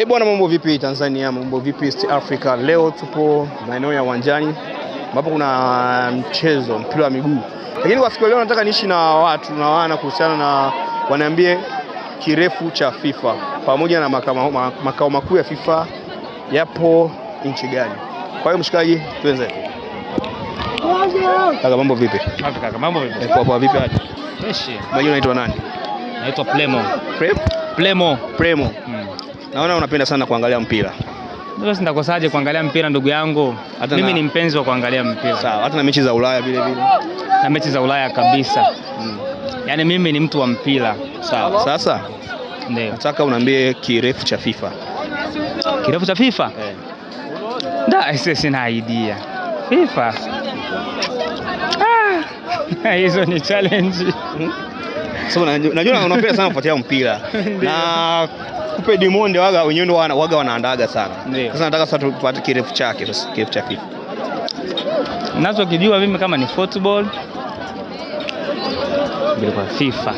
Hey, eh, bwana mambo vipi Tanzania, mambo vipi East Africa? Leo tupo maeneo ya uwanjani ambapo kuna mchezo mpira wa miguu, lakini kwa siku leo nataka niishi na watu na wana kuhusiana na waniambie kirefu cha FIFA pamoja na makao makuu ya FIFA yapo nchi gani? Kwa hiyo mshikaji, tuanze. Kaka mambo vipi? Kaka mambo vipi? Kwa eh, kwa vipi hadi? Fresh. Majina unaitwa nani? Naitwa Plemo. Plemo. Plemo. Mm. Naona unapenda sana kuangalia mpira. Sasa kuangalia mpira ndugu yangu? Hata mimi na... ni mpenzi wa kuangalia mpira. Sawa, hata na mechi za Ulaya vile vile. Na mechi za Ulaya kabisa. Mm. Yaani mimi ni mtu wa mpira. Sawa. Sasa ndio. Nataka unaambie kirefu cha FIFA. Kirefu cha FIFA? Eh. Da, sina idea. FIFA. Ah, hizo ni challenge. Hmm? Sasa so, najua unapenda sana kufuatilia mpira. na akupe Dimonde waga wenyewe ndo waga wanaandaga sana. Sasa nataka sasa tupate kirefu chake sasa kirefu chake. Nazo kijua mimi kama ni football Bila kwa FIFA.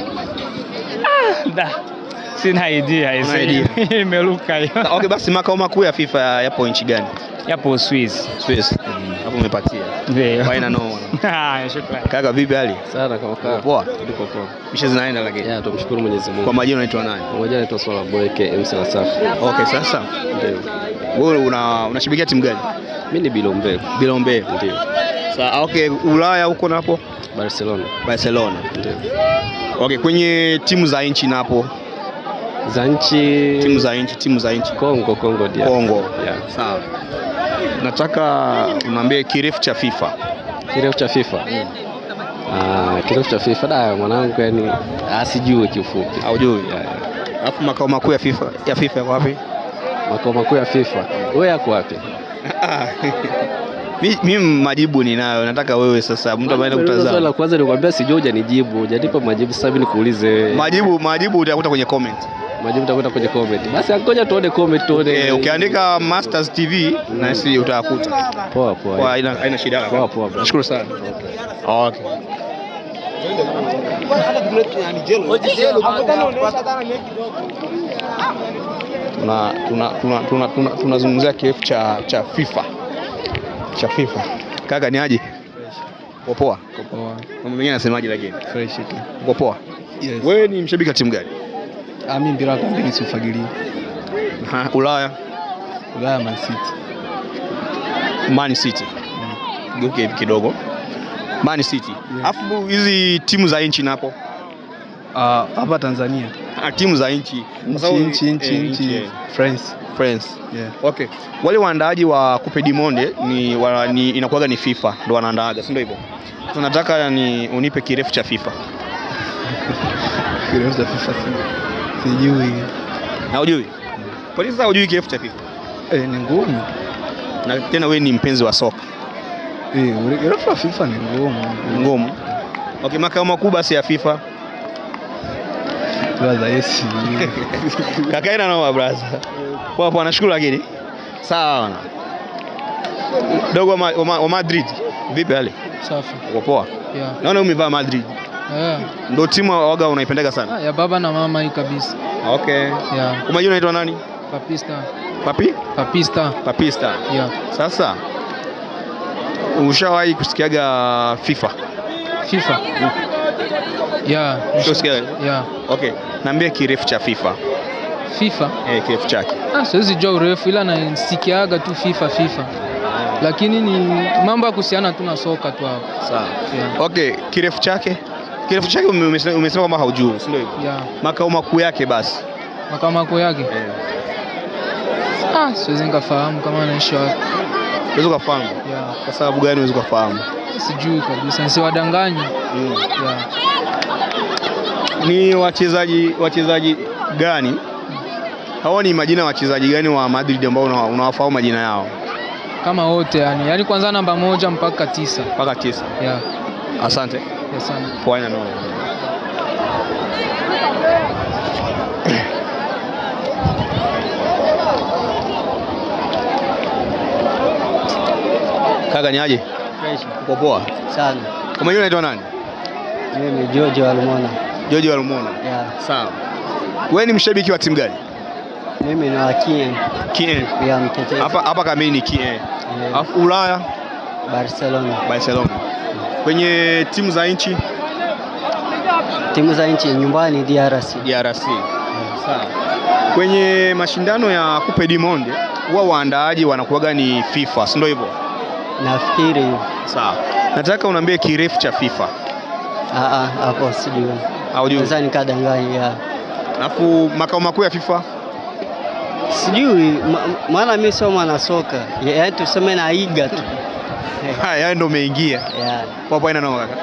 Ah, da. Sina idea hizo. Imeruka hiyo. Okay, basi makao makuu ya FIFA yapo nchi gani? Yapo Swiss. Swiss. Mm sababu umepatia. Ndio. Haina noma. Ah, shukrani. Kaka vipi hali? Sana kama kaka. Poa. Niko poa. Mishe zinaenda lakini. Yeah, tumshukuru Mwenyezi Mungu. Kwa majina unaitwa nani? Kwa majina naitwa Swala Boyke MC Safi. Okay, sasa. Ndio. Wewe una unashabikia timu gani? Mimi ni Bilombe. Bilombe. Ndio. Sasa ah, okay, Ulaya huko napo? Barcelona. Barcelona. Ndio. Okay, kwenye timu za nchi napo za nchi timu za nchi timu za nchi Kongo Kongo dia. Kongo. Yeah. Sawa. Nataka unaambie kirefu cha FIFA. Kirefu cha FIFA. Mm. Ah, kirefu cha FIFA da mwanangu, yani asijue ah, kifupi. Haujui. Alafu makao makuu ya FIFA ya FIFA yako wapi? Makao makuu ya FIFA. Wewe yako wapi? Mimi majibu ninayo, nataka wewe sasa, mtu ambaye anakutazama. Swali la kwanza nilikwambia sijui, hujanijibu, hujanipa majibu, sasa hivi nikuulize wewe. Majibu majibu utakuta kwenye comment majibu takwenda kwenye comment. Basi ngoja tuone comment tuone. Eh, ukiandika Masters TV na sisi utakuta. Poa poa. Kwa haina haina shida. Poa poa. Nashukuru sana. Okay. Okay. Tunazungumzia kirefu cha cha FIFA cha FIFA. Kaka ni aje? Poa poa. Poa. Mimi anasemaje lakini? Fresh tu. Poa. Wewe ni mshabiki wa timu gani? Ami mpira wa kampeni siufagilia. Ulaya Ulaya, Man City, Man City mm. hivi okay, kidogo Man City alafu yeah. Hizi timu za nchi napo uh, hapa Tanzania ha, ah, timu za nchi nchi nchi nchi eh, eh. France France yeah. Okay, wale waandaaji wa Coupe du Monde ni, ni inakuwaga ni FIFA ndo wanaandaaga, si ndio hivyo? Tunataka ni unipe kirefu cha FIFA kirefu cha FIFA Sijui. Haujui? Kwa nini sasa hujui kirefu cha FIFA? Eh, ni ngumu. Na tena wewe ni mpenzi wa soka. Eh, kirefu cha FIFA ni ngumu. Ngumu. Okay, makao makubwa si ya FIFA. Brother, yes. Kaka ina noma brother. Kwa hapo anashukuru lakini. Sawa bana. Dogo wa Madrid. Vipi hali? Safi. Uko poa? Yeah. Naona umevaa Madrid ndo eh. Ndio timu waga unaipendeka sana? Ah, ya baba na mama hii kabisa. Okay. Yeah. Umejua unaitwa nani? Papista. Papi? Papista. Papista. Yeah. Sasa ushawahi kusikiaga FIFA? FIFA. Mm. Yeah. Yeah. Okay. Niambie kirefu cha FIFA. FIFA? Eh, kirefu chake. Ah, siwezi jua urefu ila nasikiaga tu FIFA FIFA lakini ni mambo ya kuhusiana tu na soka tu hapo. Sawa. Yeah. Okay, kirefu chake? Kirefu chake umesema kwamba haujui, si ndio hivyo? Yeah. Makao makuu yake basi. Makao makuu yake? Eh. Yeah. Ah, siwezi nikafahamu kama anaishi wapi. Unaweza kufahamu? Yeah. Kwa sababu gani unaweza kufahamu? Eh, sijui kabisa, nisiwadanganye. Mm. Yeah. Ni wachezaji wachezaji gani? Hao ni majina wachezaji gani wa Madrid ambao unawafahamu una majina yao? Kama wote yani, yani kwanza namba moja mpaka tisa. Mpaka tisa. Yeah. Asante. Yes, sana. Why no. Kaka ni aje? Fresh. Uko poa? Sana. Kama yule anaitwa nani? Mimi George Walumona. George Walumona. Yeah. Sawa. Wewe ni mshabiki wa timu gani? Mimi ni wa Kien. Kien. Ya Hapa hapa kamini Kien. Alafu Ulaya Barcelona. Barcelona. Kwenye timu za nchi, timu za nchi nyumbani DRC. DRC. Sawa. Kwenye mashindano ya Coupe du Monde huwa waandaaji wanakuwaga ni FIFA, si ndio hivyo? Nafikiri hivyo. Sawa. Nataka unaambie kirefu cha FIFA. Ah ah, hapo sijui. Haujui. Sasa nikadanganya. Alafu makao makuu ya FIFA? Sijui, maana mimi sio mwana soka. Yaani tuseme naiga tu. Haya yaani ndio umeingia. Yeah. Kwa bwana noma kaka.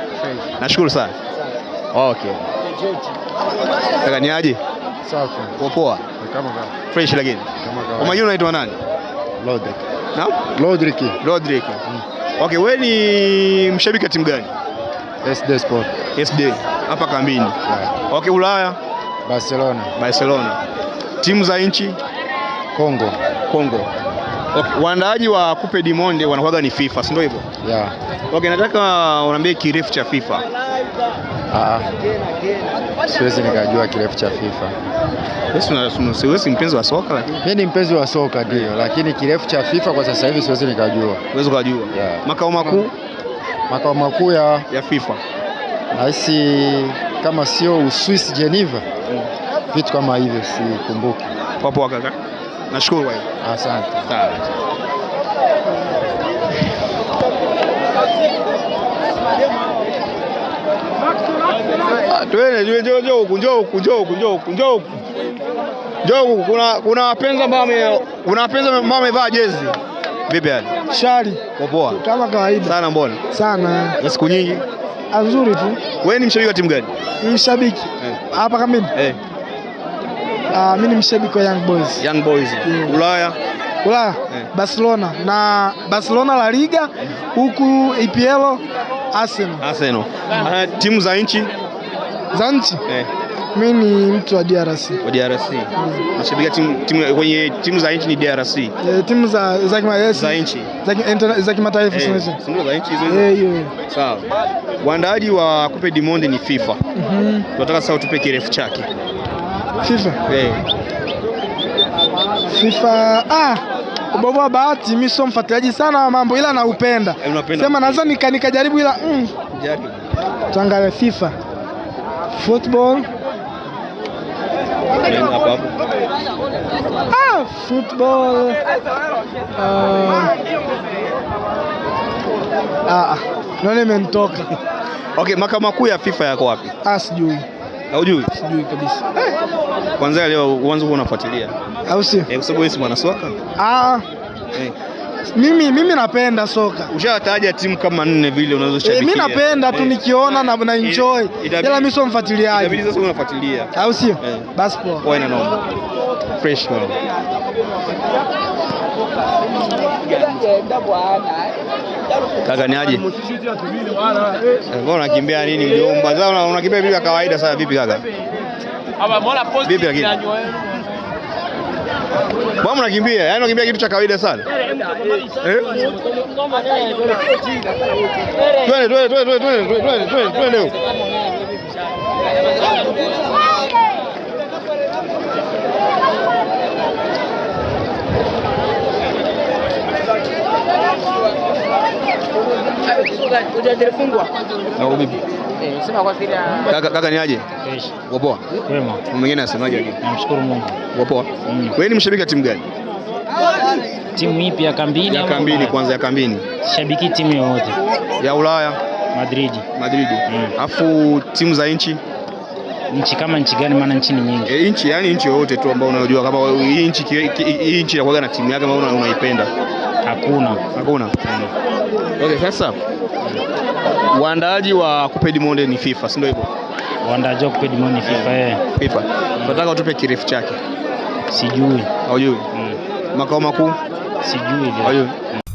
Nashukuru sana. Okay. Kaka ni aje? Safi. Poa. Kama kama. Fresh lakini. Kama kama. Kwa majina unaitwa nani? Rodrick. Naam? Rodrick. Rodrick. Mm. Okay, wewe ni mshabiki wa timu gani? SD Sport. SD hapa kambini. Yeah. Okay, Ulaya? Barcelona. Barcelona. Timu za nchi? Kongo. Kongo. Okay, waandaaji wa Coupe du Monde wanakuwa ni FIFA, si ndio hivyo? Yeah. Okay, nataka unaambie kirefu cha FIFA. Ah, ah. Siwezi nikajua kirefu cha FIFA. Siwezi mpenzi wa soka lakini. Mimi ni mpenzi wa soka ndio, lakini kirefu cha FIFA kwa sasa hivi siwezi nikajua. Uwezi kujua. Yeah. Makao makuu makao makuu ya ya FIFA. Nahisi kama sio Uswisi Geneva. Mm. Vitu kama hivyo sikumbuki. Wapo wakaka? Nashukuru wewe. Asante. Sawa. Ah, twende njoo njoo njoo huku njoo huku njoo huku njoo huku njoo huku njoo huku kuna kuna wapenzi ambao kuna wapenzi ambao wamevaa jezi. Vipi hali? Shari. Poa. Kama kawaida. Sana mbona? Sana. Na siku nyingi? Ah, nzuri tu. Wewe ni mshabiki wa timu gani? Ni Mshabiki. Eh. Hapa eh. kama mimi. Uh, mimi ni mshabiki wa Young Boys. Young Boys. Yeah. Ulaya Ulaya yeah. Barcelona na Barcelona La Liga huku EPL Arsenal. Arsenal. Mm. Uh, timu za nchi za nchi yeah. Mimi ni mtu wa DRC. Wa DRC. Nashabikia timu timu kwenye timu za nchi ni DRC. Yeah, timu za za kimataifa. Eh, za nchi. Za za kimataifa eh, sio Timu za nchi hizo. Eh, hiyo. Sawa. Waandaaji wa Coupe du Monde ni FIFA. Mhm. Mm Tunataka sasa utupe kirefu chake. Sifa. Hey. Sifa ah, ubavu wa bahati, mimi sio mfuatiliaji sana wa mambo ila naupenda. Eh, Sema naanza nika nikajaribu ila mm. Tuangalie FIFA. Football. Ah, football. Uh, ah, ah, ah. nani mentoka? Okay, makao makuu ya FIFA yako wapi? Ah, sijui. Haujui? Sijui kabisa. Eh. Kwanza leo uanze huwa unafuatilia. Au sio? Eh, kwa sababu wewe si mwana soka? Ah. Eh. Mimi mimi napenda soka. Ushataja timu kama nne vile unazoshabikia. Eh, mimi napenda tu eh. nikiona na na enjoy. Ila mimi sio mfuatiliaji. Inabidi sasa unafuatilia. Au sio? Bas poa. Wewe na Fresh one. Yeah, Kaka ni aje? Mbona unakimbia nini mjomba? Sasa unakimbia vipi kawaida sasa vipi kaka? Vipi lakini? Mbona unakimbia? Yaani unakimbia kitu cha kawaida sana. Twende twende twende twende twende twende twende. Hujafungwa? Na eh, kwa kila Kaka ni aje? poa? Mwingine anasemaje? Namshukuru Mungu. poa? Mm. Wewe ni mshabiki wa timu gani? Timu ipi ya kambini? Ya kambini kwanza ya kambini. Shabiki timu yoyote. Ya Ulaya? Madrid. Madrid. Mm. Alafu timu za nchi? Nchi kama nchi gani? Maana nchi ni nyingi. E, nchi yani nchi yoyote tu ambayo unajua kama hii nchi hii nchi inakuwa na timu yake ambayo unaipenda. Hakuna. Hakuna. Hmm. Okay, sasa waandaaji wa Coupe du Monde ni FIFA, si ndio hivyo? Waandaaji wa Coupe du Monde ni FIFA eh. FIFA. Nataka hmm. utupe kirefu chake. Sijui. Hujui? Mm. Makao makuu? Sijui. Haujui.